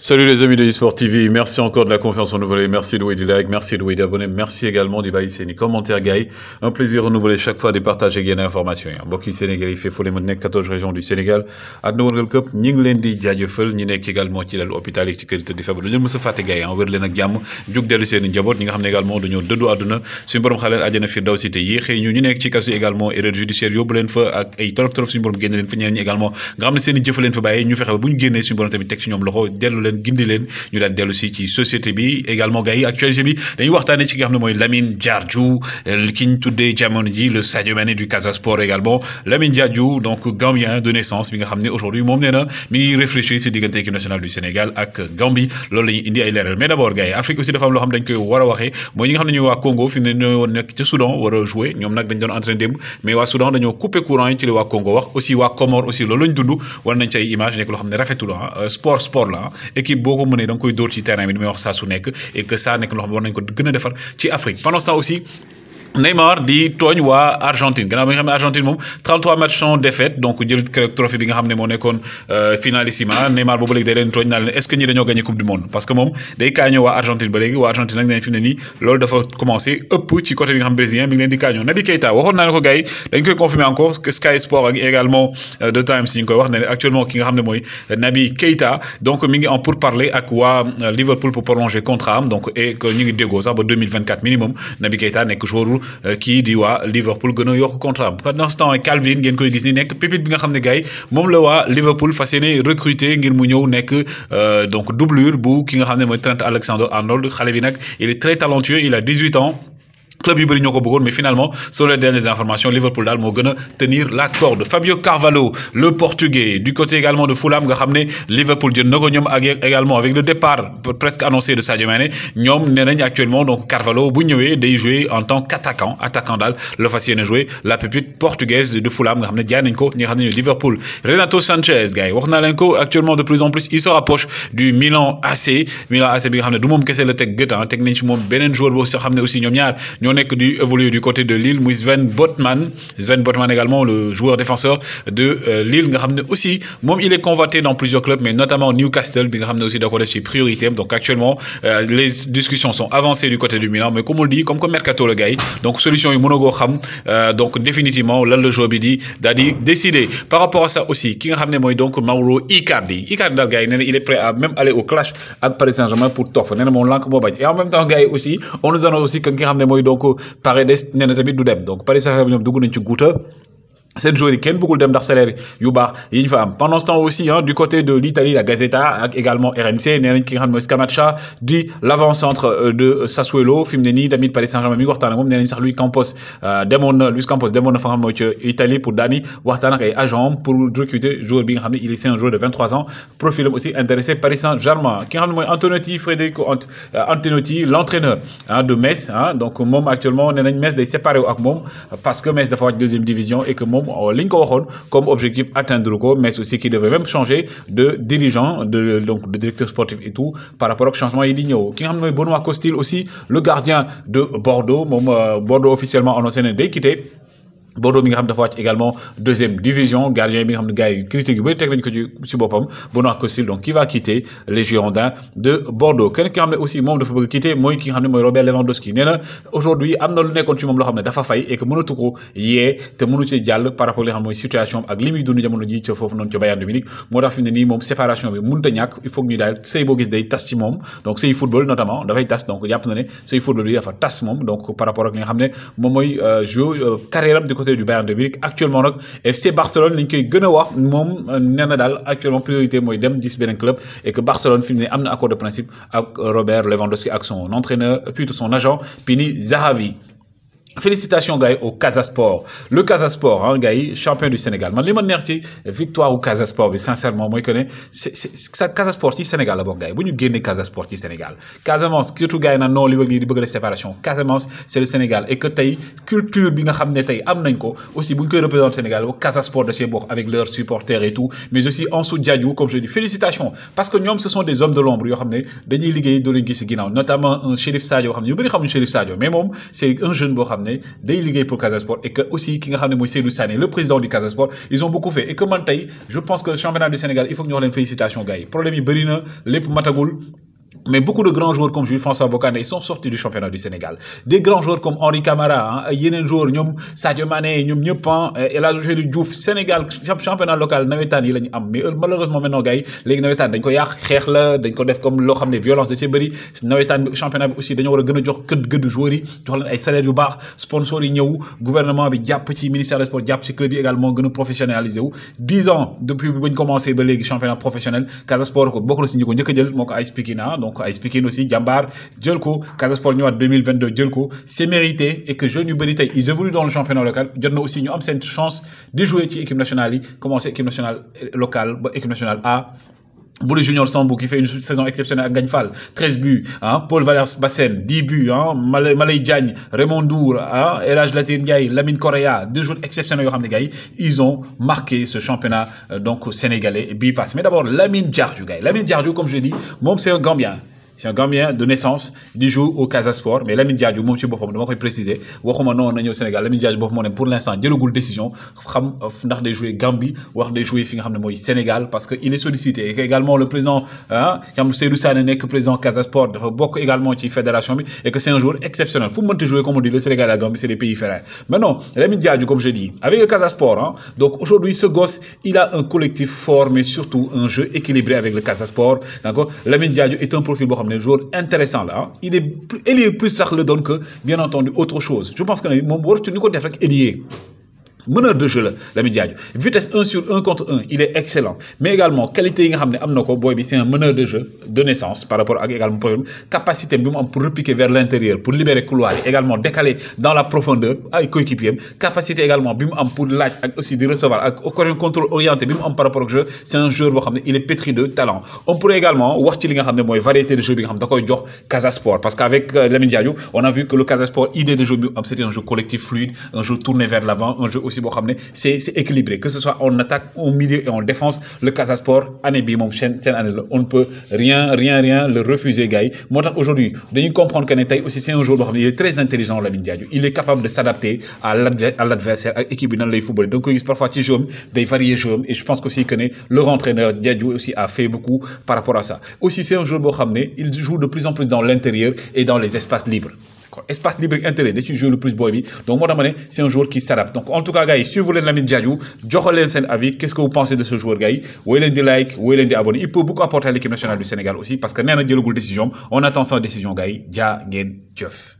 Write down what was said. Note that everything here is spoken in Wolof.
Salut les amis de eSport TV, merci encore de la confiance renouvelée, merci de du like, merci de d'abonner, merci également du bail des commentaires gay. Un plaisir renouvelé chaque fois des partages et des informations. Mbokki Sénégal il fait mu nekk 14 régions du Sénégal à wërngal Cup, ñi ngi leen di jaajëfal ñi nekk également ci lal l'hôpital et ci kër tëdd feebar dañu mës a fàtte gay ah, wér leen ak jàmm jug dellu seen i njaboot ñi nga xam ne également dañoo dëddu àdduna suñu borom xale àjjana fi daw si te yéexee ñu ñu nekk ci kasu également erreur judiciaire yóbbu leen fa ak ay torof torof suñu borom génne leen fa ñeneen ñi également nga Sénégal ne seen i jëf leen fa bàyyi ñu fexe ba bu suñu borom tamit teg ci loxo leen gindi leen ñu daan dellu si ci société bi également gars yi actualité bi dañuy waxtaanee ci nga xam ne mooy Lamine Jarju euh, ki ñu tuddee jamono ji le Sadio Mané du Casa Sport également Lamine Jarju donc Gambien de naissance bi nga xam ne aujourd'hui moom nee na mi ngi réfléchir si diggante équipe nationale du Sénégal ak Gambie loolu la ñuy indi ay leeral mais d' abord gars yi Afrique aussi dafa am loo xam dañ koy war a waxee mooy ñi nga xam ne ñooy waa Congo fi mu ne ñoo nekk ca Soudan war a jouer ñoom nag dañ doon entraîné démb mais waa Soudan dañoo coupé courant yi ci li waa Congo wax aussi waa Comore aussi loolu lañ dund war nañ ci ay image nekk loo xam ne rafetul ah. euh, sport sport la ah. équipe boo ko mënee da nga koy dóor ci terrain bi li may wax saa su nekk et que nekk loo xam ne nañ ko gën a defar ci Afrique pendant ce aussi Neymar di togn wa Argentine gannaaw bi nga Argentine mom 33 matchs en défaite donc jël trophée bi nga xamné mo moo nekkoon euh, finalissima Neymar bobu léegi day leen togn naa est-ce que ñi dañoo gagner coupe du monde parce que mom day kaañoo wa Argentine ba léegi wa Argentine nak nee fi mu ne nii dafa commencer ëpp ci côté bi nga xam brésilien bi ngi leen di kaañoo Naby Keita waxon naa ko gay dañ koy confirmer encore que Sky Sport ak également euh, The Times ñi koy wax né actuellement ki nga xamné moy Naby Keita donc mi ngi en pour parler ak wa euh, Liverpool pour prolonger contrat am donc et que ñi ngi dégo sax ba 2024 minimum Naby Keita nek joueur qui euh, dit wa Liverpool gën a contrat pendant ce temps Calvin ngeen koy gis ni nekk pépite bi nga xam gars la Liverpool fas recruter ngir mu ñëw euh, donc doublure bu ki nga xam Trent Alexander Arnold xale bi il est très talentueux il a 18 ans club yu bari ñoko bëggoon mais finalement selon les dernières informations Liverpool dal mo gëna tenir la corde Fabio Carvalho le portugais du côté également de Fulham nga xamné Liverpool jënd nako ñom également avec le départ presque annoncé de Sadio Mané ñom nénañ actuellement donc Carvalho bu ñëwé day jouer en tant qu'attaquant attaquant d'Al, le fas jouer la pépite portugaise de Fulham nga xamné ne jaay nañ ko ñi xamné Liverpool Renato Sanchez gars waxna wax ko actuellement de plus en plus il se rapproche du Milan AC Milan AC bi nga xamné du mom kessé la tek gët ah, tek nañ ci mom benen joueur bo xamné aussi ñom ñaar on que du évoluer du côté de Lille où Sven Botman Sven Botman également le joueur défenseur de euh, Lille nga aussi il est convoité dans plusieurs clubs mais notamment Newcastle il nga aussi d'accord c'est priorité donc actuellement euh, les discussions sont avancées du côté du Milan mais comme on le dit comme mercato le gars donc solution est monogamie. Euh, donc définitivement là le joueur bi di décidé par rapport à ça aussi ki nga donc Mauro Icardi Icardi le gars il est prêt à même aller au clash avec Paris Saint-Germain pour top. et en même temps aussi on nous a aussi que nga donc Paredes nee na tamit du dem donc Paris Saint-Germain ñoom dugg nañ ci cette journée kenn bëggul dem ndax salaire yu baax fa am pendant ce temps aussi hein du côté de l'Italie la Gazzetta également RMC nee nañ ki nga xam ne l'avant-centre euh, de Sassuolo fi mu ne Paris Saint-Germain mi ngi ak Campos euh, demoon Luis Campos demoon na Italie pour Dani waxtaan ak ay agent pour recruter joueur bi nga xam il est un joueur de 23 ans profil aussi intéressé Paris Saint-Germain ki nga xam ne Antonetti Federico euh, l'entraîneur hein, de Metz hein. donc Mom actuellement nee Metz day de wu ak parce que Metz dafa la deuxième division et que Mom, euh, Linko comme objectif atteindre ko mais aussi qui devait même changer de dirigeant de donc de directeur sportif et tout par rapport au changement il qui a ki nga Costil aussi le gardien de Bordeaux euh, Bordeaux officiellement en ancienne Bordeaux mi nga xam dafa wacc également deuxième division gardien bi nga xam ne gars yi critique yu bëri teg nañu ko ci si boppam Benoît Costil donc qui va quitter les Girondins de Bordeaux keneen ki nga xam ne aussi moom dafa bëgg quitter mooy ki nga xam ne mooy Robert Lewandowski nee na aujourd'hui am na lu nekkoon ci moom loo xam ne dafa fay et que mënatu ko yee te mënu ci jàll par rapport li nga xam mooy situation ak li muy dund jamono ji ca foofu noonu ca Bayern de Munich moo tax fi mu ne nii moom séparation bi mënta a ñàkk il faut que ñu daal sëy boo gis day tas ci moom donc sëy football notamment dafay tas donc jàpp na ne sëy football yi dafa tas moom donc par rapport ak li nga xam ne moom mooy euh, jou euh, carrière am du Bayern de Munich actuellement FC Barcelone liñ koy gëna wax euh, actuellement priorité moy dem club et que Barcelone finit avec accord de principe avec Robert Lewandowski ak son entraîneur plutôt son agent Pini Zahavi. Félicitations gars au Casa Sport le Casa Sport ah hein, gars champion du Sénégal man li ci victoire au Casa Sport bi sincèrement moi que connais c'est c'est Casa Sport Sénégal la bokk gars yi nous ñu génnee Casa Sport ci Sénégal Casamance surtout gars yi non li bëgg lii di bëgg def séparation Casamance c'est le Sénégal et que tey culture bi nga xam ne am nañ ko aussi bu ñu représenter Sénégal au Casa Sport da bokk avec leurs supporters et tout mais aussi en sous Diadhiou comme je dis félicitations parce que ñoom ce sont des hommes de l'ombre yoo xam ne dañuy liggéey doo notamment un Chérif Sadio yoo xam ne ñu bëri xamuñu Sadio mais moom c'est un jeune boo des ligues pour Casa Sport et que aussi ki nga xamné moy le président du Casa Sport ils ont beaucoup fait et comme man je pense que le championnat du Sénégal il faut que ñu wax félicitation gars yi problème yi bari na lepp matagul mais beaucoup de grands joueurs comme Jules-François Bocandé, ils sont sortis du championnat du Sénégal. Des grands joueurs comme Henri Camara, hein, Yenen Jour, Sadio Mané, Nyom Nyopan, hein, et là, du Djouf Sénégal, championnat local, Navetan, il a Mais malheureusement, maintenant, gars, les Navetan, d'un y a d'un côté, comme l'Oham, les violences de Tchéberi, Navetan, championnat aussi, d'un côté, Gano Djok, que de joueurs, tu as des salaires du bar, sponsor, Ignaou, gouvernement, avec Diap, petit ministère des Sports, Diap, petit club également, Gano professionnalisé. 10 ans depuis que commencé les championnats championnat professionnel, sport beaucoup de signes, beaucoup de ont beaucoup des signes, donc à expliquer aussi Jambar, Djelko ko 2022 Djelko c'est mérité et que jeunes yu ils évoluent dans le championnat local jot aussi une chance de jouer ci équipe nationale Comment commencer équipe nationale euh, locale l'équipe équipe nationale A Boulou Junior Sambou qui fait une saison exceptionnelle à Gagnefal, 13 buts, Paul Valère Bassel, 10 buts, hein, hein. Malay Diagne, Raymond Dour, hein, Latine, Lamine Correa, deux joueurs exceptionnels au ils ont marqué ce championnat euh, donc sénégalais Bipass. Mais d'abord Lamine Diardiou Lamine Diardiou comme je l'ai dit, c'est un Gambien c'est un Gambien de naissance il joue au Casasport, mais l'Ami Diadio moom ci boppam dama koy préciser waxuma noonu na au Sénégal l'Ami pour décision il ndax joué jouer Gambie wax de jouer fi Sénégal parce que il est sollicité et également le président ah xam le Sané président Casa Sport dafa bokk également ci fédération et que c'est un jour exceptionnel Il faut jouer comme on dit le Sénégal et la Gambie c'est des pays frères maintenant l'Ami Diadio comme je dis avec le Casasport, hein donc aujourd'hui ce gosse il a un collectif fort mais surtout un jeu équilibré avec le Casasport. Sport l'Ami est un profil xam jour intéressant là hein. il est plus ça est plus ça le donne que bien entendu autre chose je pense que mon tu nous def avec Elie meneur de jeu la Lamine vitesse 1 sur 1 contre 1 il est excellent mais également qualité yi nga c'est un meneur de jeu de naissance par rapport à également capacité bi pour repiquer vers l'intérieur pour libérer le couloir également décaler dans la profondeur avec coéquipier capacité également bi pour laaj aussi de recevoir un contrôle orienté bi par rapport au jeu c'est un joueur il est pétri de talent on pourrait également wax ci li nga variété de jeu bi nga xamné jox parce qu'avec euh, Lamine Diadio on a vu que le casasport Sport idée de jeu c'était un jeu collectif fluide un jeu tourné vers l'avant un jeu aussi c'est équilibré que ce soit en attaque au milieu et en défense le à Sport on ne peut rien rien rien le refuser aujourd'hui dañuy comprendre que aussi c'est un joueur il est très intelligent Lamine Diadio il est capable de s'adapter à l'adversaire à équipe bi nan lay football donc gis parfois ci jeu day varier jom et je pense aussi que leur entraîneur Diadio aussi a fait beaucoup par rapport à ça aussi c'est un joueur bo xamné il joue de plus en plus dans l'intérieur et dans les espaces libres espace libre intérieur c'est un joué le plus beau donc moi c'est un joueur qui s'adapte donc en tout cas gars si vous voulez l'ami Diadio joxe leen avis quest ce que vous pensez de ce joueur gars ou wooy des di like wooy leen di il peut beaucoup apporter à l'équipe nationale du Sénégal aussi parce que nee na décision on attend sa décision gars yi ngeen